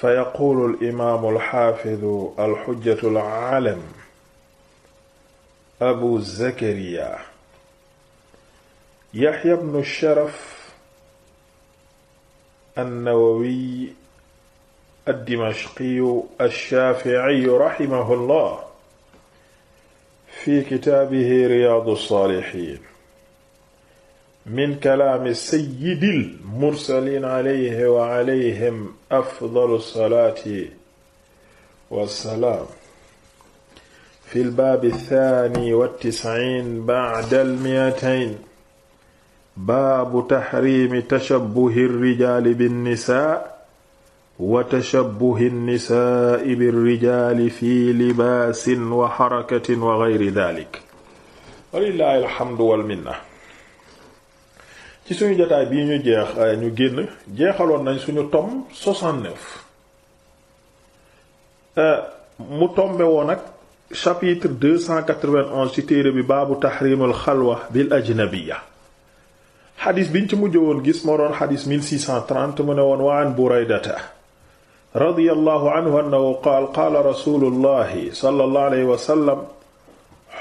fa yaquulu alimaamu alxaafidu alxujjatu alaalam abu zakariya yaxya bnu sharaf annawawiy addimashqiyu alshaaficiyu raximahu llah fi kitaabihi riyaadu saalixiin min kalaami sayyidil mursaliin alayhi wa alayhim afdalu salaati wa salaam. fil baabi saani wa tis'iin ba'dal mi'atayn. baabu taxriimi tashabbuhi rijaali binnisaa wa tashabbuhi nisaa'i birrijaali fi libaasin wa xarakatin wa gayri daalik. walillaahi alhamdu wal minna. ci suñu jotaay bii ñu jeex euh, ñu génn jeexaloon nañ suñu tome 69 euh, mu tombe woon ak chapitre 291 ci téere bi baabu tahrimul xalwa bil ajnabiyya xadis biñ ci mujj woon gis moo doon xadis 1630 mu ne woon wa an buraydata radiyallahu anhu annahu qaal qaala rasulullahi sallallahu alayhi wa sallam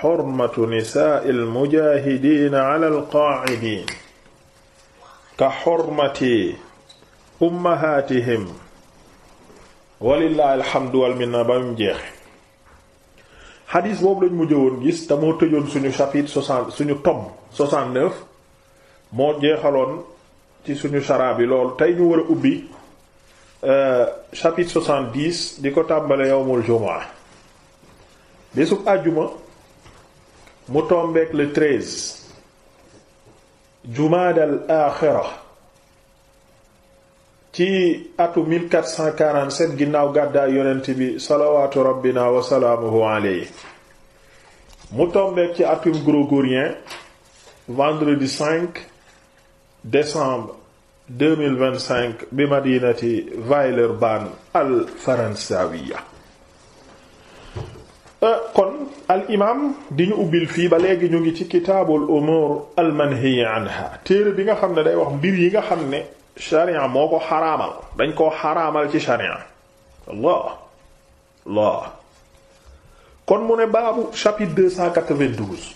xurmatu nisaa'il mujaahidiina alal qaa'idiin ka xormati ummahatihim walillahi alhamdu wal minna ba mu jeexe xadiis boobu lañ mujje woon gis te moo tëjoon suñu chapitre soixante suñu tom soixante moo jeexaloon ci suñu charaab yi lool tey ñu war a ubbi euh, chapitre soixante-dix di ko tàmbale yawmul jumaa bésub àjjuma mu tombeek le treize jumaadal aaxira ci atu 1447 ginnaaw gàddaay yonent bi salawaatu rabbina wa salaamuhu mu tombeek ci atum grégorien vendredi 5 décembre 2025 bi madinati Villeurbanne al faransawiya Euh, kon al imaam di ñu ubbil fii ba léegi ñu ngi ci kitaabul umuur al manhiya anha téere bi nga xam ne day wax mbir yi nga xam ne sharia moo ko xaraamal dañ ko xaraamal ci sharia allah allah kon mu ne baabu chapitre 292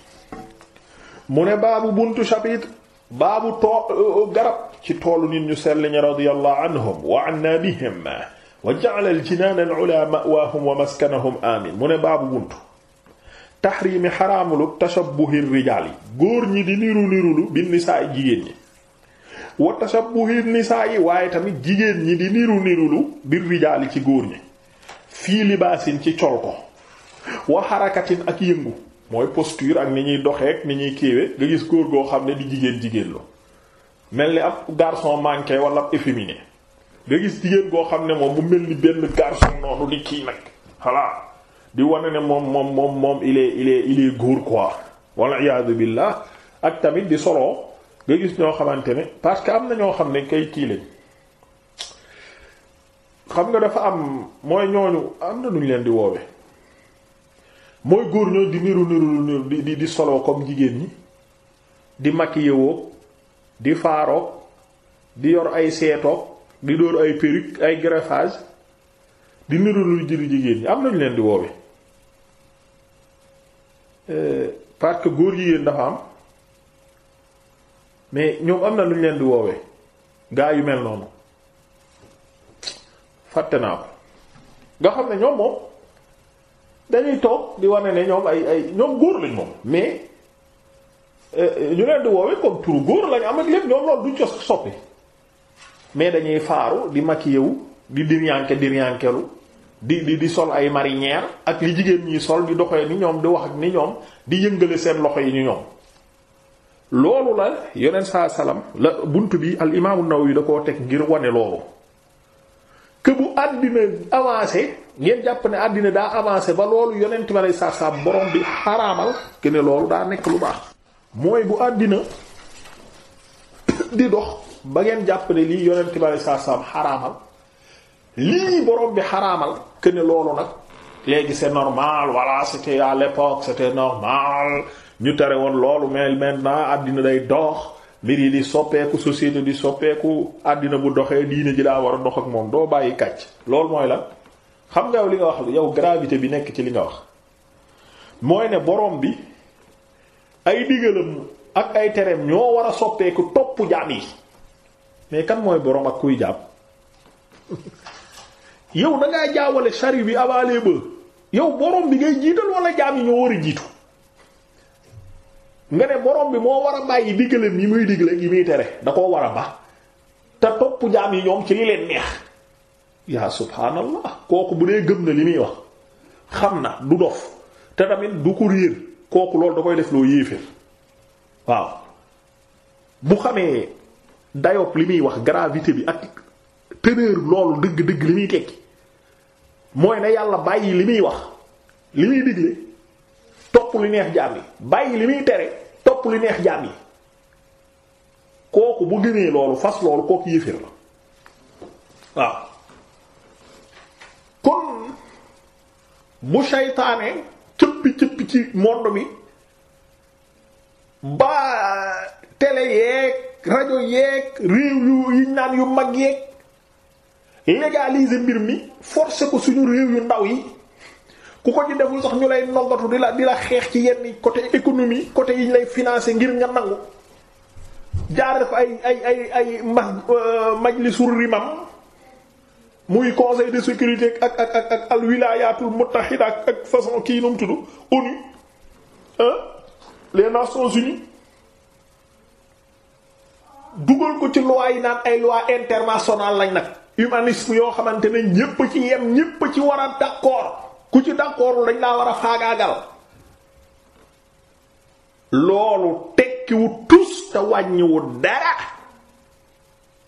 mu ne baabu buntu chapitre baabu too euh, garab ci toolu nit ñu sell ñi radiyallahu anhum wa an nabihim wa ja'ala al-jinaan al-'ulaa ma'waahum wa maskanahum amiin mu ne baabu buntu taxriimi xaraamulu tashabbuhi rijaal yi góor ñi di niru nirulu bi nisaa jigéen ñi wa tashabbuhi nisaa yi waaye tamit jigéen ñi di niru nirulu bir rijaal yi ci góor ñi fii libaasin ci col ko wa xarakatin ak yëngu mooy posture ak ni ñuy doxeek ni ñuy kéewe nga gis góor goo xam ne di jigéen jigéen lu mel ni ab garçon manqué wala ab efféminé nga gis jigéen goo xam ne moom mu mel ni benn garçon noonu di kii nag voilà di wane ne moom moom moom moom il est il est góor quoi walla iyaadu billah ak tamit di solo nga gis ñoo xamante ne parce que am na ñoo xam ne kay kii lañ xam nga dafa am mooy ñooñu am na nuñ leen di woowe mooy góor ñoo di niru niru di di di solo comme jigéen ñi di maquillé woo di faaroo di yor ay seetoo di dóor ay perruque ay greffage di niru lu jëri jigéen yi am nañu leen di woowe euh, parce que góor jigéen dafa am mais ñoom am na lu ñu leen di woowe gaa yu mel noonu fàtte naa ko nga xam ne ñoom moom dañuy toog di wane ne ñoom ay ay ñoom góor lañ moom mais euh, ñu leen di woowe comme turu góor lañ am ak lépp ñoom loolu duñ ko soppi mais dañuy faaru di maquillé wu di diryanke diryankelu di di di sol ay marinière ak li jigéen ñi sol di doxee ni ñoom di wax ak ni ñoom di yëngale seen loxo yi ni ñoom loolu la yonent saa salaam la bunt bi al imaamu yi da koo teg ngir wane loolu que bu àddina avancé ngeen jàpp ne àddina daa avancé ba loolu yonent ma lay saa saa borom bi xaraamal que ne loolu daa nekk lu baax mooy bu àddina di dox ba ngeen jàpp lii yonent bi alei satu salaam xaraamal lii borom bi xaraamal que loolu nag léegi c'est normal voilà c'était à l'époque c'était normal ñu tere woon loolu mais maintenant àddina day dox mbir yi di soppeeku société di soppeeku àddina bu doxee diine ji daa war a dox ak moom doo bàyyi kàcc loolu mooy la xam nga li nga wax yow gravité bi nekk ci li nga wax mooy ne boroom bi ay digalam ak ay tereem ñoo war a soppeeku topp jaam yi mais kan mooy borom ak kuy jàpp yow da jaawale chari bi abalee ba yow borom bi ngay jiital wala jaam yi ñoo war a jiitu nga ne borom bi moo war a bàyyi digaleem yi muy digle yi muy tere da koo war a ba te topp jaam yi ñoom ci li leen neex yaa subhaanallah kooku bu dee gëm na li muy wax xam na du dof te tamit du ko réer kooku loolu da koy def loo yéeféer waaw bu xamee dayob li muy wax gravité bi ak teneur loolu dëgg-dëgg li muy tekki mooy na yàlla bàyyi li muy wax li muy digle topp lu neex jaam yi bàyyi li muy tere topp lu neex jaam yi kooku bu gënee loolu fas loolu kooku yéeféer la waaw kon bu saytaane cëppi cëppi ci monde mi ba télé yeeg rajo yeeg réew yu yiñ naan yu mag yeeg légaliser mbir mi forcer ko suñu réew yu ndaw yi ku ko ci deful sax ñu lay nongatu di la di xeex ci yenn côté économie côté yi ñu lay financé ngir nga nangu jaar def ay ay ay ay ma euh, majlisul rimam muy conseil de sécurité ak ak ak ak al wilaayatul muttahida ak façon kii nu mu tudd ONU les Nations Unies dugal ko ci loi yi naan ay loi internationale lañ nag humanisme yoo xamante ne ñépp ci yem ñépp ci war a d'accord ku ci d'accordul lañ laa war a faagaagal loolu tekkiwu tus te wàññiwu dara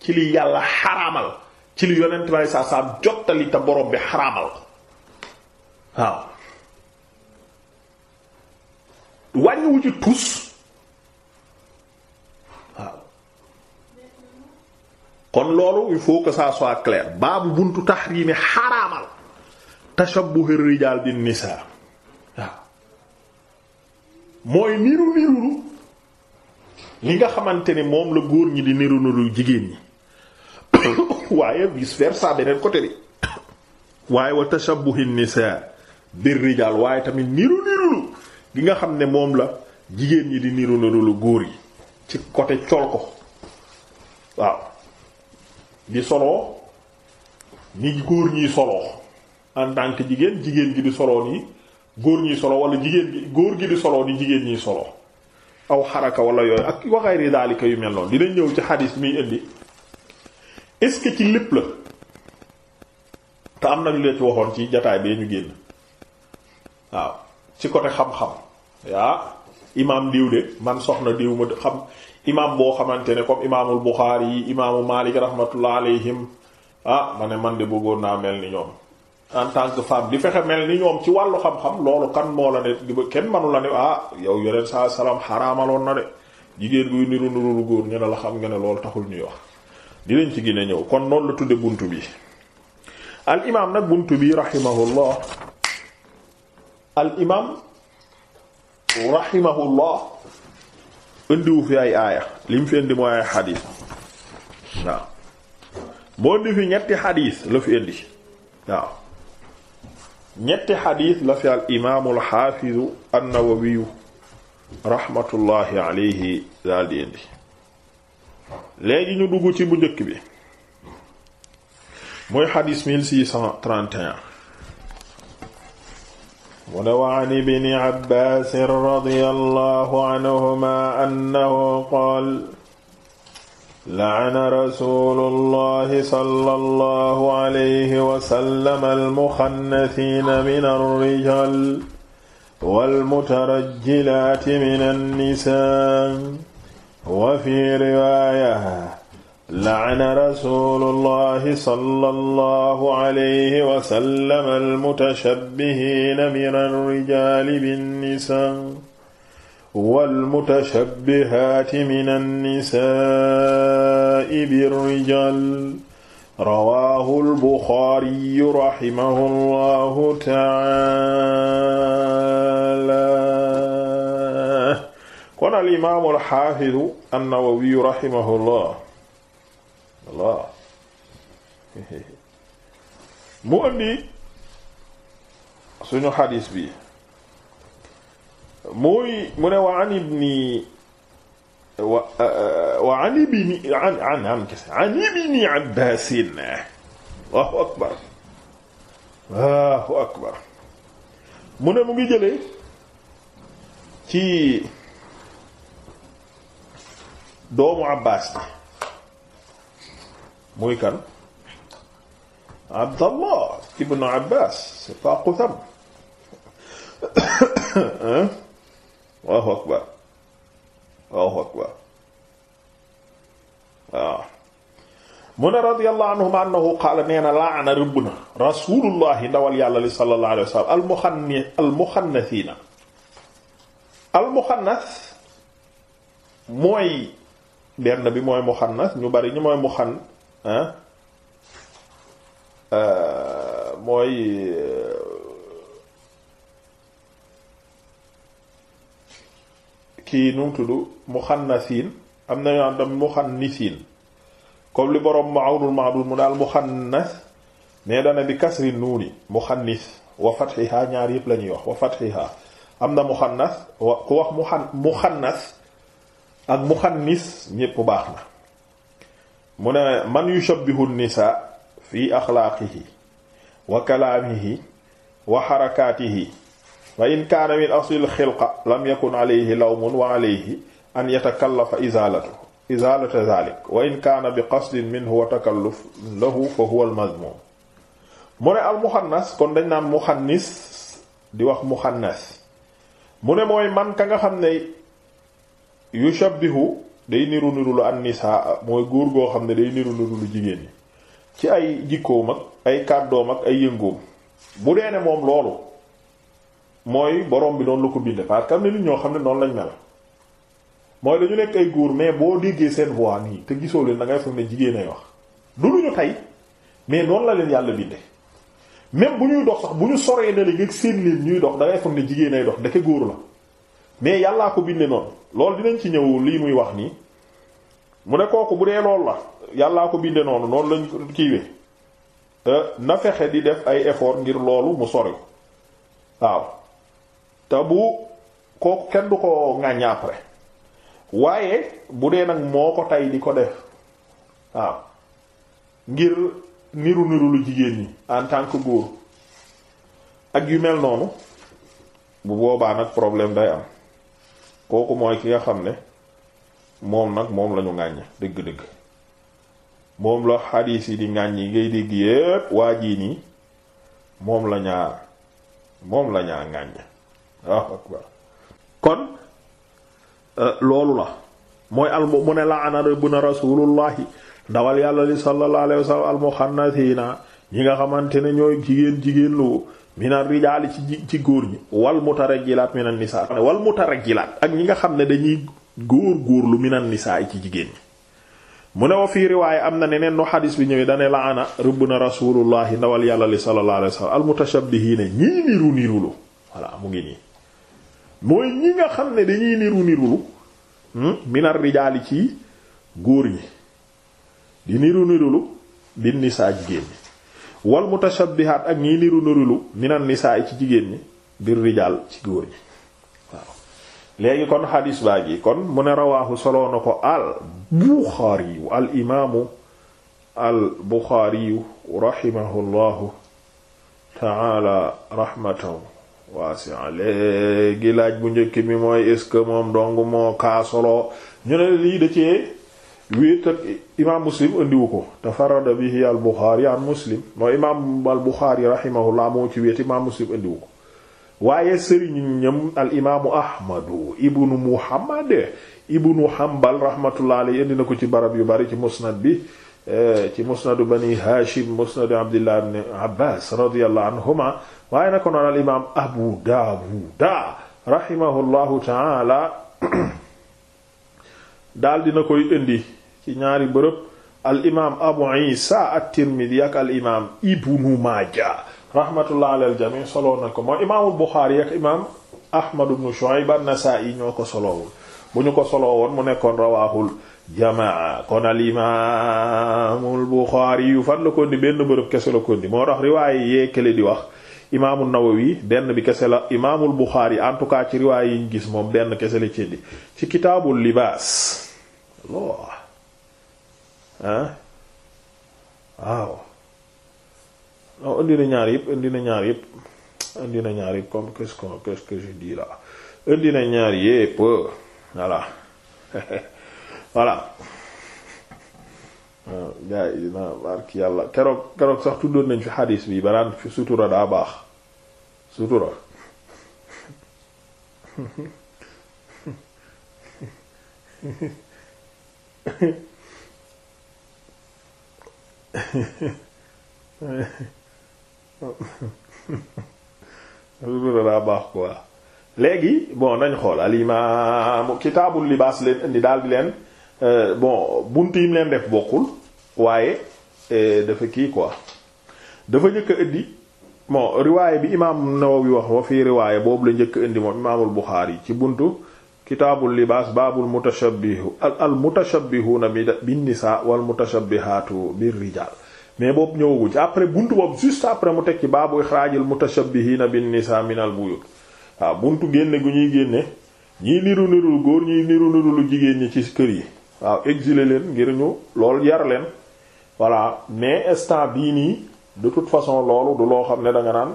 ci li yàlla xaraamal ci li yonent bi saa saa jottali te borom bi xaraamal waaw wàññiwu ci tus kon loolu il faut que ça soit clair baabu buntu taxriimi xaraamal tashabbuhi rijaal bin nisaa waaw mooy niru niru li nga xamante ne moom la góor ñi di niru niru jigéen ñi waaye vice versa beneen côté bi waaye wa tashabbuhi nisaa bir rijaal waaye tamit niru niru gi nga xam ne moom la jigéen ñi di niru niru góor yi ci côté col ko waaw di soloo ni góor ñiy soloo en tant jigéen jigéen gi di soloo ni góor ñiy solo wala jigéen gi góor gi di soloo ni jigéen ñiy solo aw xaraka wala yooyu ak waxayri daalika yu mel noonu dina ñëw ci xadis miy indi est-ce ci lépp la te am nañu leen waxoon ci jataay bee ñu génn waaw ci côté xam-xam yaa imaam diw de man soxna diw ma xam imam boo xamante ne comme imaamul Buxaari yi imaamu Maalik rahmatullah alayhim ah ma ne man de bëggoon naa mel ni ñoom en tant que di fexe mel ni ñoom ci wàllu xam-xam loolu kan moo la ne kenn manu la ne ah yow yoneen saa salaam xaraamaloon na de jigéen guy niru niru góor ñu la xam nga ne loolu taxul ñuy wax di lañ ci gine ñëw kon noonu la tudde bunt bi al imaam nag bunt bi rahimahullah al imaam rahimahullah indiwu fi ay aaya li fi indi mooy ay xadiis waaw moo indi fi ñetti xadiis la fi indi waaw ñetti xadiis la fi al imaamu xaafizu an-Nawawiyu raxmatullaahi alayhi daal indi léegi ñu dugg ci bu njëkk bi muy xadiis mu ne wa an ibni abbaasin radiyallahu anhuma annahu qaal la'ana rasuulullahi sallallahu alayhi wa sallam al-muxannasiina mina ar-rijaal wal-mutarajjilaati mina an-nisaa wa fi riwaaya la'ana rasuulullahi sallallahu alayhi wa sallam al-mutashabbihiina mina ar-rijaali bin-nisaa wal-mutashabbihaati mina an-nisaa'i bir-rijaal rawaahu al-Buxaari rahimahullahu ta'aala kon al-imaamu al-xaafidu an-Nawawi rahimahullah waaw mu indi suñu xadiis bi muy mu ne wa an ibni wa wa an ibni an an an kese akbar allahu akbar mu ne mu ngi jëlee ci doomu abbaas bi muy kan Abdallah ibn Abbas c'est pas Qutham Allahu akbar Allahu akbar waaw mu ne radiyallahu anhuma annahu qaala nee na laana rëbb na rasulullahi ndawal yàlla li sallallahu alayhi wa sallam almuxanni almuxannasiina almuxannas mooy benn bi mooy muxannas ñu bari ñu mooy muxannas hein euh, mooy euh, kii nu mu tudd muxannasiin am na yoon dam muxannisiin comme li boroom Ma'unul Ma'dud mu daal muxannas ne dana bi kasri nuuni muxannis wa fathiha ñaar yëpp la wax wa fathiha am na muxannas wa ku wax muxan muxannas ak muxannis ñépp baax na mu ne man yushabbihu nisaa fi axlaaqihi wa kalaamihi wa xarakaatihi wa in kaana min asil xilqa lam yakun alayhi lawmun wa alayhi an yatakallafa izaalatuhu izaalata zaalik wa in kaana bi qasdin minhu wa takalluf lahu fa huwa almazmuum mu ne al muxannas kon dañ naan muxannis di wax muxannas mu ne mooy man ka nga xam ne yushabbihu day niru niru lu annisaa mooy góor goo xam ne day niru niru lu jigéen ñi ci ay jikkoom ak ay kàddoom ak ay yëngoom bu dee ne moom loolu mooy borom bi doon lu ko bindee parce que am na nit ñoo xam ne noonu lañ mel mooy dañu nekk ay góor mais boo déggee seen voix nii te gisoo leen da ngay foog ne jigéen ay wax du lu ñu tey mais noonu la leen yàlla bindee même bu ñuy dox sax bu ñu soree ne la nga seen leen ñuy dox da ngay foog ne jigéen ay dox ndeke góor la mais yàllaa ko bindee noonu. loolu dinañ ci ñëw lii muy wax nii mu ne kooku bu dee loolu la yàllaa ko binde noonu noonu lañ kiiwee euh, na fexe di def ay effort ngir loolu mu sori waaw te bu kooku kenn du ko ŋàññ après waaye bu dee nag moo ko tay di ko def waaw ngir niru niru lu jigéen ñi en tant que góor ak yu mel noonu bu boobaa nag problème day am kooku mooy ki nga xam ne moom nag moom lañu ŋàññ dëgg-dëgg moom la xadiis yi di ŋàññ yi ngay dégg yépp waa jii nii moom lañaa moom la ñaa kon euh, loolu la mooy al mu ne la ana bu na rasulullahi dawal yàlla li sallallahu alayhi wasallam ñi nga xamante ne ñooy jigéen jigéen lu minar rijaali ci ci góor ñi wal mutarajjilaat minan nisaa wal mutarajjilaat ak ñi nga xam ne dañuy góor góor lu minan nisaa yi ci jigéen ñi mu ne wa fii riwaaye am na neneen nu xadis bi ñëwee dane la ana rëbb na rasulullahi ndawal yàlla li sallallahu alayhi wasallam al mutashabbihiina ñii niru nirulu voilà mu ngi nii mooy ñi nga xam ne dañuy niru nirulu hmm, minar rijaali ci góor ñi di niru nirulu bin nisaa jigéen ñi wal mutashabbihaat ak ñiy niru nirulu minan nisaa ci jigéen ñi bir rijaal ci góor ñi waaw léegi kon xadiis baa gi kon mu ne rawaahu soloo ko al buxaari yu al imaamu al buxaari yu raximahu llahu taala rahmatan waasi'a léegi laaj bu njëkk mi mooy est-ce que moom dong moo kaa soloo ñu ne lii da cee wéet ak imaam muslim andiwu ko tafarada bihi al buxaari an muslim mooy imaam al buxaari rahimahullah moo ci wéet imaam muslim andiwu ko waaye sëriñ ñam al imaamu ahmadu ibnu muhammad ibnu hambal rahmatullah alayhi indi na ko ci barab yu bari ci musnad bi eh, ci musnadu bani hashim musnadu abdillah ibn abbas radiyallahu anhuma waaye na ko noon al imaam abu daawuda rahimahullahu taala daal dina koy indi ci ñaari bërëb al imaam abu isa at-tirmidhi ak al imaam ibnu maaja rahmatullah ala al jami soloo ko mooy imaamul buxaari ak imaam ahmad ibnu shuayb an-nasaa'i ñoo ko solowul bu ñu ko soloo woon mu nekkoon rawaahul jamaa kon al imaamul buxaari yu fan la ko benn bërëb kese la ko moo tax riwaaye yeekale di wax imaamu nawawi benn bi kese la imaamul buxaari en tout cas ci riwaaye yi gis moom benn kese la ci di ci kitaabul libaas ah waaw non indi na ñaar yëpp indi na ñaar yëpp indi na ñaar yëpp comme que qu'est-ce que je dis là indi na ñaar yëpp voilà voilà ah, gaa yi na barki yàlla keroog keroog sax tuddoon nañ fi xadiis bi banaan fi sutura daa baax sutura baax quoi léegi bon nañ xool alimaam kitaabul libaas leen indi daal di leen euh, bon bunt yim leen def bokkul waaye euh, dafa kii quoi dafa njëkk a indi bon riwaayé bi imaam Nawawi wax wa fii riwaayé boobu la njëkk a indi moom imaamul yi ci buntu kitaabul libaas baabul mutashabbihu al mutashabbihuuna bin nisaa wal mutashabbihaatu bir rijaal mais boobu ñëwagu ci après buntu boobu juste après mu teg ci baabu ixraajil mutashabbihiina bin nisaa minal buyut waaw buntu génne gu ñuy génne ñii niru niru góor ñii niru niru lu jigéen ñi ci kër yi waaw exiler leen ngir ñu lool yar leen voilà mais instant bii nii de toute façon loolu du loo xam ne danga naan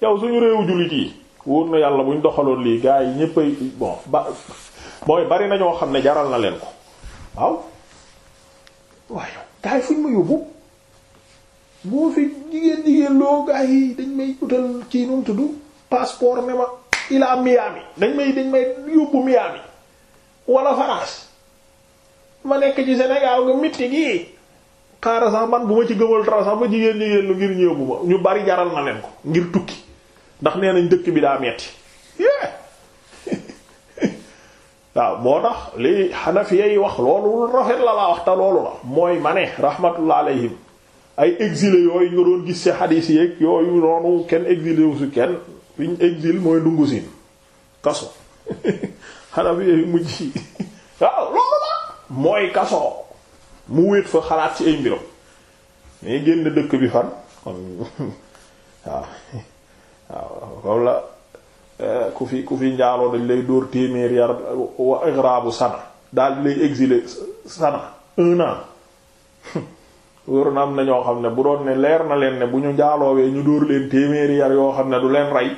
yow suñu réewu jullit yi wóor na yàlla buñ doxaloon lii gars yi ñëpp bon ba mooy bari na ñoo xam ne jaral na leen ko waaw waaye gars yi fuñ ma yóbbu boo fi jigéen jigéen loo gars yi dañ may utal kii nu mu tudd passeport ne ma ila Miami dañ may dañ may yóbbu Miami wala France ma nekk ci Sénégal nga mitti gi xaaral sax man bu ma ci gëmal dara sax ma jigéen jigéen lu ngir ñëw bu ma ñu bari jaral na leen ko ngir tukki. ndax nee nañ dëkk bi daa metti waaw moo tax li xanafiya yi wax loolu rafet la laa wax te loolu la mooy mane ne rahmatullah alayhim ay exilé yooyu nga doon gis ci xadiis yeeg yooyu noonu kenn exilé wu si kenn fiñ exil mooy dungu siin kaso xanafiya yi mujj yi waaw loolu la mooy kaso mu wéet fa xalaat ci ay mbiram mais génn dëkk bi fan waaw waaw la eh, ku fi ku fi njaaloo dañ lay dóor téeméer yar wa igrabu sana daal di lay exiler sana un an na am na ñoo xam ne bu doon ne leer na leen ne bu ñu njaaloowee ñu dóor leen téeméeri yar yoo xam ne du leen rey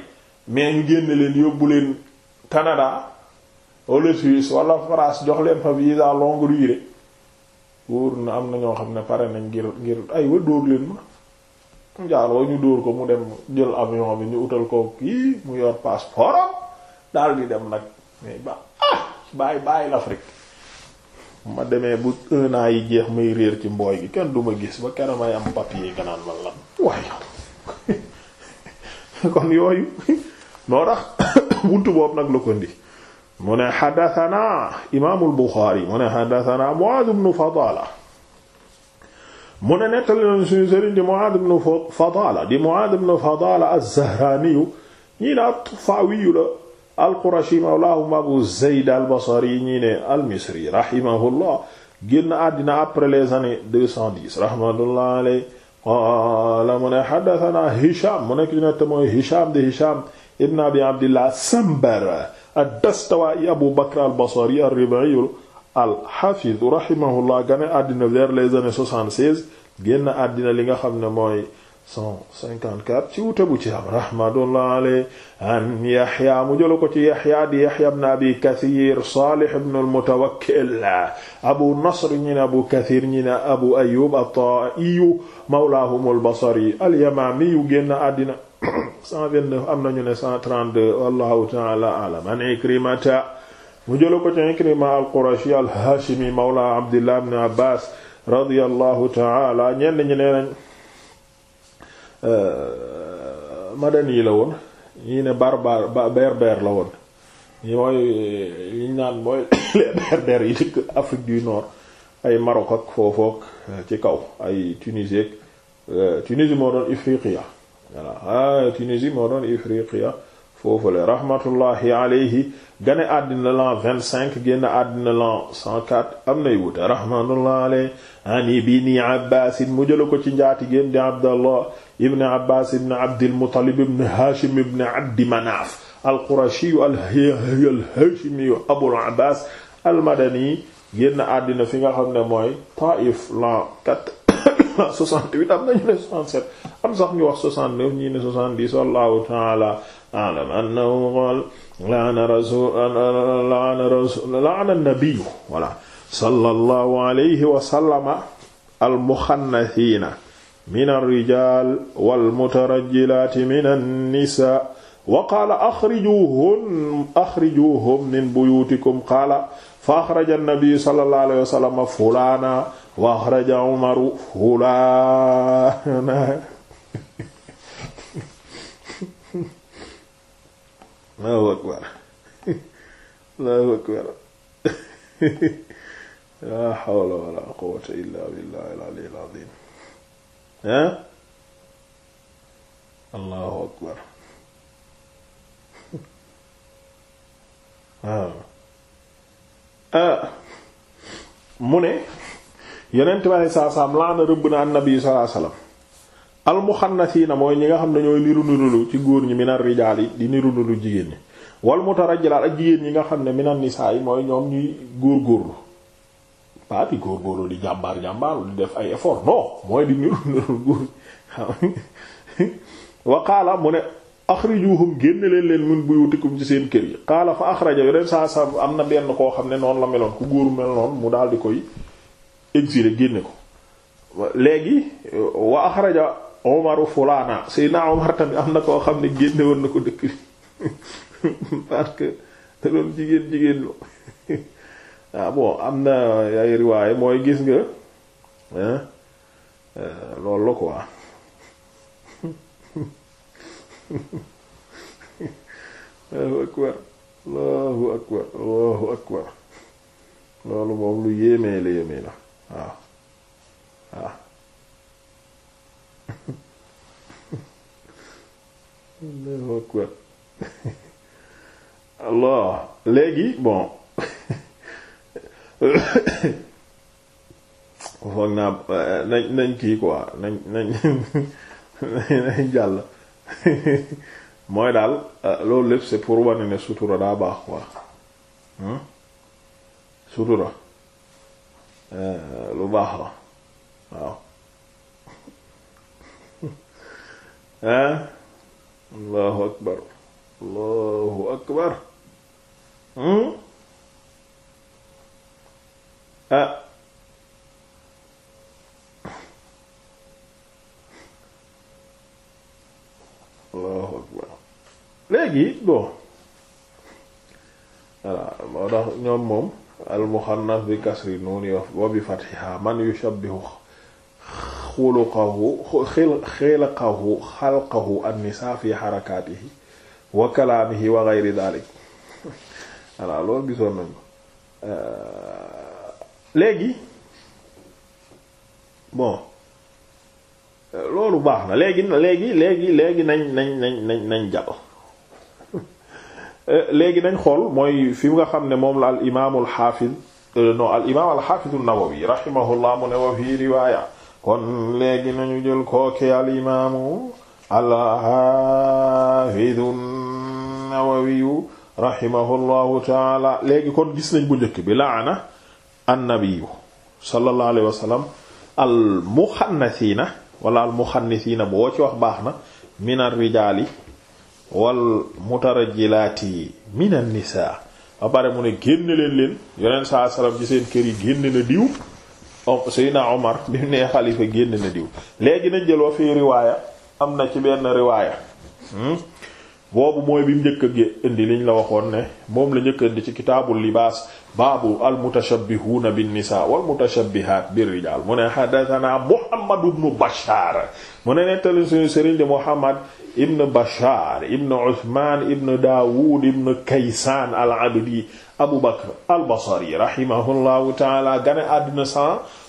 mais ñu génne leen yóbbu leen Canada wala Suisse wala France jox leen fa visa longue durée wóor na am na ñoo xam ne pare nañ ngir ngir ay wa dóor leen ma njaaloo ñu dóor ko mu dem jël avion bi ñu utal ko kii mu yor passeport daal di dem nag mais ba ah bàyyi bàyyi l'Afrique ma demee bu un an yi jeex may réer ci mbooy gi kenn du gis ba keroog may am papier ganaan man la waaye kon yooyu moo tax buntu boobu nag la ko ndi mu ne xaddasanaa imaamul Buxaari mu ne xaddasanaa Muaaz ibn Fadaala mu ne nettali nañu suñu sëriñ di Muaad ibn Fadaala di Muaad ibn Fadaala az-Zahraaniyu ñii naa Tufaawiyu la al-Qurashi mawlaahum Abu Zayd al-Basri ñii ne al-Misri rahimahullah génn àddina après les années 210 rahmatullah alayhi qaala mu ne haddathanaa Hicham mu nekk ñu nette mooy Hicham di Hicham ibn Abi Abdillah Sambar ad-Dastawaa'i Abu Bakr al-Basri ar-Ribaa'i al-Hafiz rahimahullah gane àddina vers les années 76 génn àddina li nga xam ne mooy 154 ci wute bu ci am rahmatullah aley an Yahya mu jëla ko ci Yahya di Yahya ibn Abi Kathir Salih ibn al-Mutawakkil Abu Nasr ñi ne Abu Kathir ñi ne Abu Ayyub at-Ta'i mawlahum al-Basri al-Yamami génn àddina 129 am nañu ne 132 wallahu ta'ala a'lam an Ikrimata mu jëla ko ci Ikrima al-Qurashi al-Hashimi mawla Abdillah ibn Abbas radiyallahu ta'ala ñenn ñi nee nañ euh, madani la woon ne barbar berber la woon ñi mooy liñ naan mooy les yi dëkk Afrique du Nord ay Maroc ak foofook euh, ci kaw ay Tunisie ak euh, Tunisie moo doon Ifriqiya voilà ah, moo doon Ifriqiya foofule rahmatullahi alayhi gane àddina la vingt-cinq génn àddina l'an cent am na wute rahmatullahi alayhi an ibni Abbaas mu jëla ko ci njaati génn di Abdallah ibn Abbaas ibn Abdil Muttalib ibn Haashim ibn Abdi Manaaf al-Qurashiyu al Abbaas al génn àddina fi nga xam ne mooy Taif l'an quatre 68 am ne am sax ñu wax 69 ne 70 wallahu a'lam annahu qaal la'ana rasul la'ana rasul la'ana an-nabiyyu voilà sallallahu alayhi wa sallama al-mukhannathiina min ar-rijaal wal-mutarajjilaati min an-nisaa wa qaala axrijuuhun axrijuuhum min buyuutikum qaala fa axraja an-nabiyyu sallallahu alayhi wa sallama fulaana wa axraja umaru fulaana Allahu akbar Allahu akbar laa hawla wala quwwata illaa billahil aliyyil azim ah Allahu akbar waaw ah. ah. mu ne yonent bi saa saam laana rëbb na annabi sallallahu alayhi wasallam al muxannasiina mooy ñi nga xam ne ñooy niru nirulu ci góor ñi minar rijaal yi di niru nirulu jigéen ñi wal mutarajjilaat ak jigéen ñi nga xam ne minan nisaa yi mooy ñoom ñuy góor góorlu pas di góor góorlu di jàmbaar jàmbaar di def ay effort non mooy di niru nirulu góor wa qaala mu ne axrijuhum génne leen leen mun buyutikum ci seen kër yi qaala fa axraja yeneen saa saa am na benn koo xam ne noonu la meloon ku góor mel mu daal di koy exilé génne ko Umaru fulaana Seydina Umar tamit am na koo xam ne génne na ko dëkk bi parce que da doon jigéen jigéen lu ah bon am na ay mooy gis nga euh, loolu la quoi Allahu loolu moom lu yéeme la yéeme la waaw Allahu akbar Allah léegi bon foog naa euh, nañ nañ kii quoi nañ nañ nañ jàll mooy daal euh, loolu lépp c'est pour wane ne sutura daa baax quoi hmm? sutura euh, lu baax la waaw ah allahu akbar allahu akbar ah allahu akbar léegi bon voilà moo tax ñoom moom al muxannas bi kasri nuuni wa bi fathiha man yushabbihu xuluqahu xilqahu xalqahu an-nisaa fi xarakaatihi wa kalaamihi wa gayri daalik voilà loolu gisoon nañu euh, léegi bon loolu baax na léegi léegi léegi léegi nañ nañ nañ nañ nañ jàpp euh, léegi nañ xool mooy fi nga xam ne moom la al imaamul xaafiz euh, non al imaam al xaafiz an-Nawawi rahimahullah mu ne wa fi riwaaya kon léegi nañu jël kooki al imaamu al haafidu nawawiyu léegi kon gis nañ bu njëkk bi laana annabiyu sallallahu alayhi wa sallam al muxannasiina wala al boo ci wax baax na min ar rijaali wal mutarajjilaati min an ba pare mu ne génn leen leen yoneen saa salaam ci seen kër yi génn na diw Oh, Seydina Omar bi mu nee xalifa génn na diw léegi nañ jëloo fii riwaaya am na ci benn riwaaya hmm? boobu mooy bi mu njëkk a indi liñ la waxoon ne moom la njëkk a indi ci kitaabul libaas baabu al mutashabbihuuna bin nisaa wal mutashabbihaat bir rijaal mu ne haddathana Muhammad ibn Bashaar mu ne nettali suñu sëriñ di Muhammad ibn Bashaar ibn Usmaan ibn Daawuud ibn Kaysaan al abdi Abu Bakr al Basri ta'ala gane àddina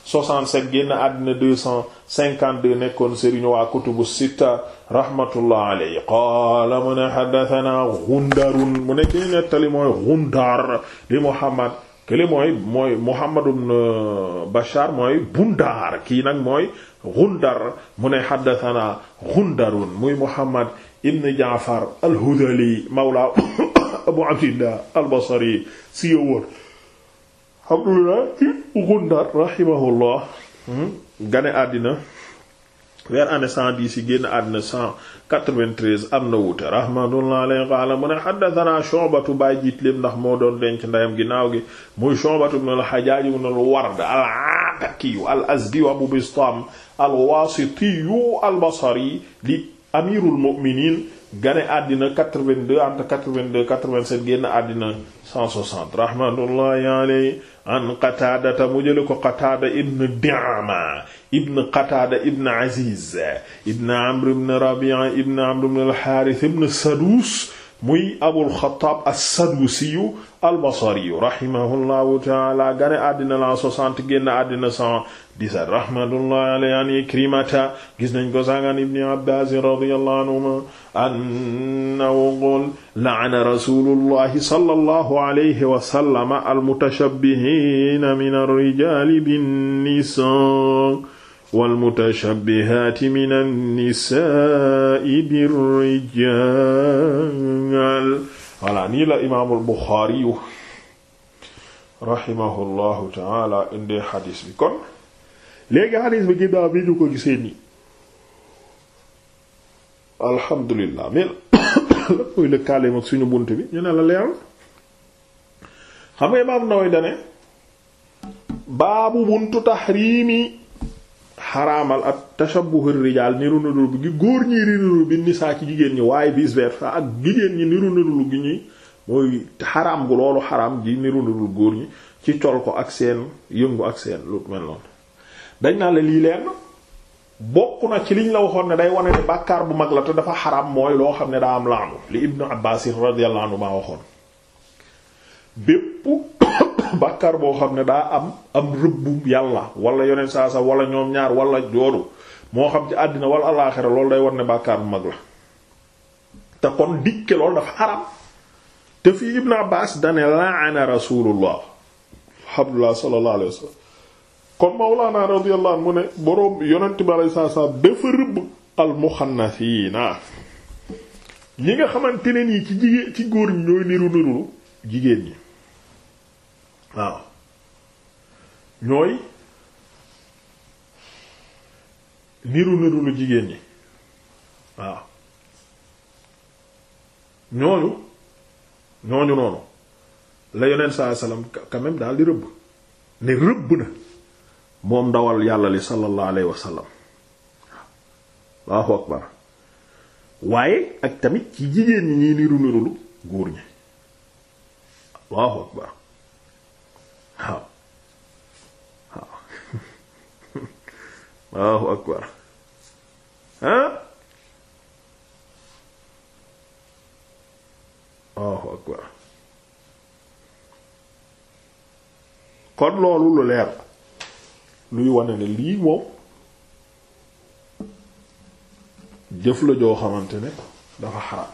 67 génn àddina 252 nekkoon sëriñu waa kutubu sitta rahmatullah alayhi qaala mu ne haddathana Gundarun mu ne ki nettali mooy Gundar di Muhammad kële mooy mooy Muhammad ibn Bashar mooy Bundar kii nag mooy Gundar mu ne haddathana Gundarun muy Muhammad ibn Jaafar al-Hudhali mawla Abu Abdillah al-Basri si yowoon Abdullah ci Gundar rahimahullah hmm? gane àddina weer année 110 yi génn àddina am na wuute rahmatullah alayhi qaala mu ne haddathana Shu'batu bàyyi ndax moo doon denc ndeyam ginnaaw gi muy Shu'batu ibn al-Hajjaj ibn al-Ward al-Ataki al-Azdi Abu Bistam al-Wasiti al-Basri li amirul mu'minin gane àddina 82 entre 82 87 génn àddina 160 rahmatullahi alayhi an qataadata mu jële ko qataada ibn diama ibn qataada ibn aziz ibn amr ibn rabia ibn amr ibn al harith ibn sadus muy abul xattaab as-sadusiyu albasariyu rahimahullahu taala gane àddina la 60 génn àddina 117 rahmatullahi alayhi an ikrimata gis nañ ko sangan ibni abbas radiyallahu anhuma annahu qul la'ana rasulullahi sallallahu alayhi wa sallama almutashabbihina min ar-rijali bin-nisa والمتشبهات من النساء بالرجال voilà nii la imaamul Buxaari yu rahimahullahu taala indee xadiis bi kon léegi xadiis bi ginnaaw bi ñu ko gisee nii alhamdulillah mais lan mooy suñu bunt bi ñu ne la leeral xam nga imaam Nawawi dane baabu buntu taxriimi xaraamal ak tashabbuh rijaal niru niru bi gi góor ñi niru bi nisaa ci jigéen ñi waaye vice versa ak jigéen ñi niru niru gi ñuy mooy xaraam gu loolu xaraam gi niru niru góor ñi ci col ko ak seen yëngu ak seen lu mel dañ naa la lii leen bokk na ci liñ la waxoon ne day wane ne bàkkaar bu mag la te dafa xaram mooy loo xam ne daa am laanu li ibnu abbasin radiyallahu anhu maa waxoon bépp bàkkaar boo xam ne daa am am rëbbu yàlla wala yoneen saa sa wala ñoom ñaar wala joodu moo xam ci àddina wala alaaxira loolu day war ne bàkkaar bu mag la te kon dikke loolu dafa xaram te fii Ibn Abbas dane laana rasulullah alhamdulillah sallallahu alayhi kon Mawlana radiyallahu mu ne boroom yonent bi alayhi salaam dafa rëbb almuxannasiina ñi nga xamante ne nii ci jigéen ci góor ñooy niru niru jigéen ñi waaw ñooy niru niru lu jigéen ñi waaw ñooñu ñooñu noonu la yonent saa salaam quand même daal di rëbb ne rëbb na moom ndawal yàlla li sallallahu alayhi wa sallam Allahu akbar waaye ak tamit ci jigéen ñi ñuy niru nirulu góor ñi Allahu akbar waaw waaw Allahu akbar ah Allahu akbar kon loolu lu leer luy wane ne lii moom jëf la joo xamante ne dafa xaraam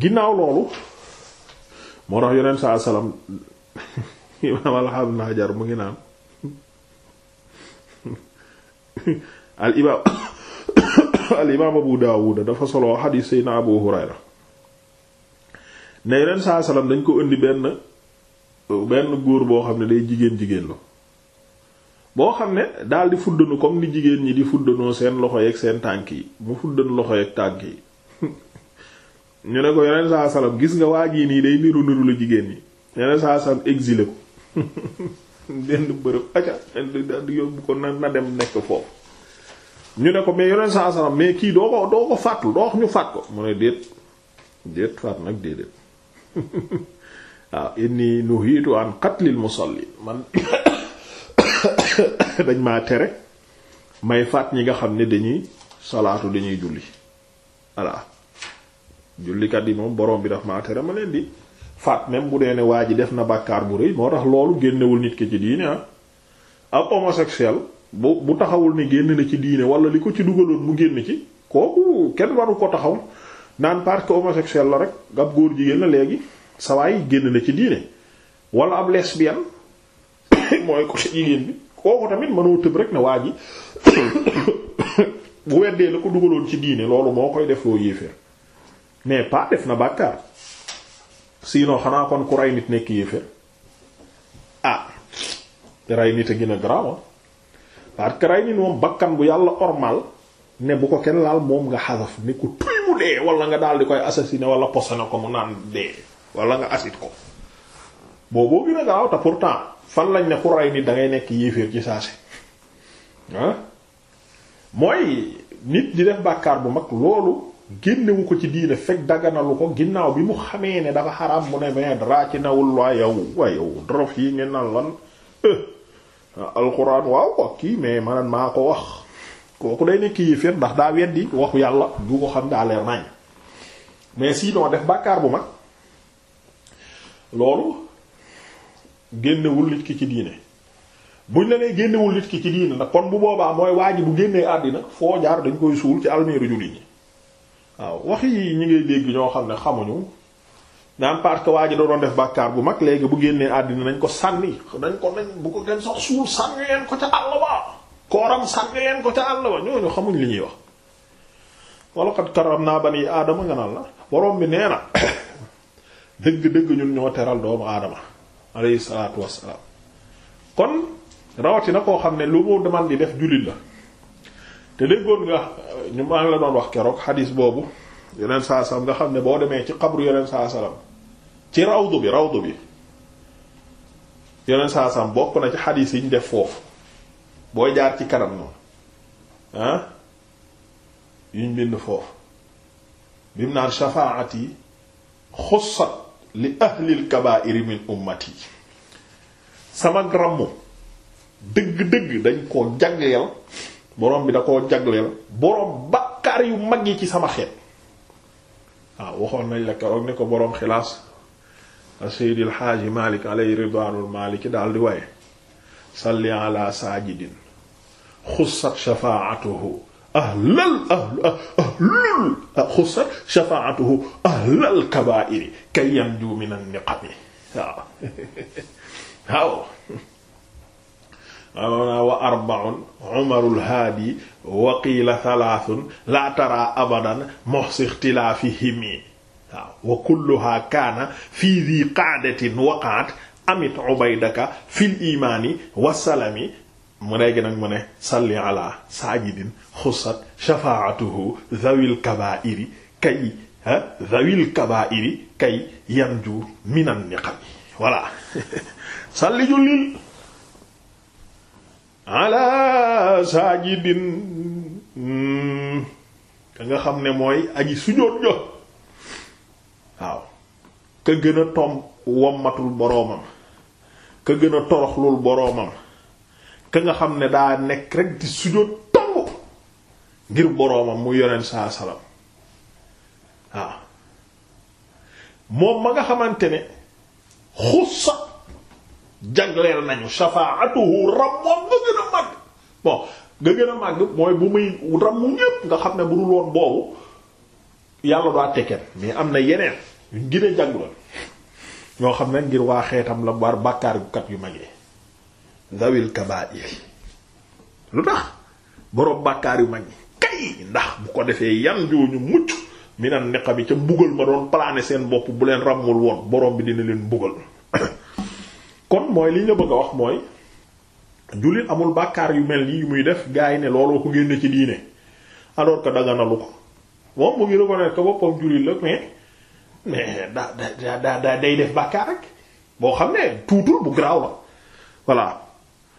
ginnaaw loolu moo tax yeneen saa salaam imaam alxaam na xajar mu ngi naan al imaam al imaam abu daawuda dafa solo xadiis seydna abu hurayra ne yeneen saa salaam dañ ko indi benn benn góor boo xam ne day jigéen jigéen la boo xam ne daldi di fuddanu comme ni jigéen ñi di fuddanoo seen loxo yeeg seen tànk yi mu fuddan loxo yeeg tànk yi ñu ne ko yeneen saa salaam gis nga waa jii nii day niru niru la jigéen ñi neena saa sam exilé ko benn bërëb aca di yóbbu ko na na dem nekk foofu ñu ne ko mais yoneen saa sam mais kii doo ko doo ko fàttul doo wax ñu fàtt ko mu ne déet déet fàtt nag déedéet waaw inni nuhiitu an qatlil musallin man dañ maa tere may fàtt ñi nga xam ne dañuy salaatu dañuy julli voilà jullikat yi moom borom bi daf maa tere ma leen di faat même bu dee ne waa ji def na bàkkaar bu rëy moo tax loolu génnewul nit ki ci diine ah ab homosexuel bu bu taxawul ni génn na ci diine wala li ko ci dugaloon mu génn ci kooku kenn waru ko taxaw naan parce que la rek ab góor jigéen la léegi sawaay génn na ci diine wala ab lesbienne mooy côté jigéen bi kooku tamit mënoo tëb rek ne waa ji bu weddee la ko dugaloon ci diine loolu moo koy def loo yéeféer mais pas def na bàkkaar sinon xanaa kon ku rey nit nekk yéeféer ah rey nit a gën a garaaw ah. parce que rey nit moom bakkan bu yàlla ormal ne bu ko kenn laal moom nga xasaf ne ko tuy mu dee wala nga daal di koy assassiner wala posone ko mu naan dee wala nga acide ko booboo gën a gaaw te pourtant fan lañ ne ku rey nit da ngay nekk yéeféer ci saa ah? mooy nit di def bàkkaar bu mag loolu génnewu ko ci diine fekk daganalu ko ginnaaw bi mu xamee ne dafa xaraam mu ne mais dara ci newul waa yow waa yow drof yi ngeen naan lan eh, alxuraan waaw wa kii mais man maa ko wax kooku day nekk yéeféer ndax daa weddi waxu yàlla du ko xam daa leer mais sinon def bàkkaar bu mag loolu génnewul nit ki ci diine buñ la nee génnewul nit ki ci diine nag kon bu boobaa mooy waa bu génnee àddina foo jaar dañ koy suul ci almeeru waaw waxi ñu ñi ngay dégg ñoo xam ne xamuñu naan parce que waa ji da doon def bàkkaar bu mag léegi bu génnee àddina nañ ko sànni dañ ko nañ bu ko gën sax suul sànni leen ko ca àll ba ñooñu xamuñ li ñuy wax wala qad karramna bani aadama nga naan la borom bi nee na dëgg-dëgg ñun ñoo teral doomu aadama alayhi salaatu wassalaam kon rawatina koo xam ne lu mu demal di def jullit la te déggoon nga ñu maa ngi la doon wax keroog xadiis boobu yeneen saa salaam nga xam ne boo demee ci xabru yeneen saa ci rawdu bi rawdu bi yeneen saa salaam bokk na ci xadiis yi def foofu booy jaar ci kanam noonu ah yuñ bind foofu bim naan shafaati xussat li ahlil kabaa'iri min ummati sama rammu dëgg-dëgg dañ koo jagleel borom bi da koo jagleel borom bakkaar yu mag yi ci sama xeet waaw waxoon nañ la keroog ni ko borom xilaas Seydil Haaji Malik alayhi ridwaanul Maliki daal di waaye salli ala saajidin xussat shafaa'atuhu ahlal ahlal ahlal xussat shafaa'atuhu ahlal kabaa'iri kay yanju min an-niqami waaw waaw wa arbaun umarul haadi wa qiila thalathun la tara abadan muhsi ikhtilafihimi waaw wa kulluha kaana fii di qaadatin waqaat amit ubaydaka fil imaani wasalami mu léegi nag mu ne salli ala saajidin xusat shafaatuhu dhawil kabaa'iri kay dhawil kabaa'iri kay yanju minan niqam voilà salli jullil ala saajidin hmm. ka nga xam ne mooy aji sujóot jo waaw ka gën a tom wommatul boroomam ka gën a toroxlul boroomam ka nga xam ne daa nekk rekk di sujóot tongu ngir boroomam mu yonent saa salaam waaw moom ma nga xamante ne xussa jagleel nañu shafaatuhu ramoom nga gën a màgg bon nga gën a màgg mooy bu muy ramu ñépp nga xam ne bu dul woon boobu yàlla daa tekkeen mais am na yeneen yu gën a jagleel ñoo xam ne ngir waa xeetam la war bàkkaar kat yu magee zawil kabaa'ir lu tax yu mag yi ndax bu ko defee yan jooñu mucc minan niqam yi ca mbugal ma doon plané seen bopp bu leen ràmmul woon borom bi dina leen mbugal kon mooy li nga bëgg a wax mooy jullit amul bàkkaar yu mel ni yu muy def gaa yi ne looloo ko génn ci diine alors que daganalu ko moom mu ngi reconnaître que boppam jullit la mais mais daa daa daa day def bàkkaar rek boo xam ne tuutul bu garaaw la voilà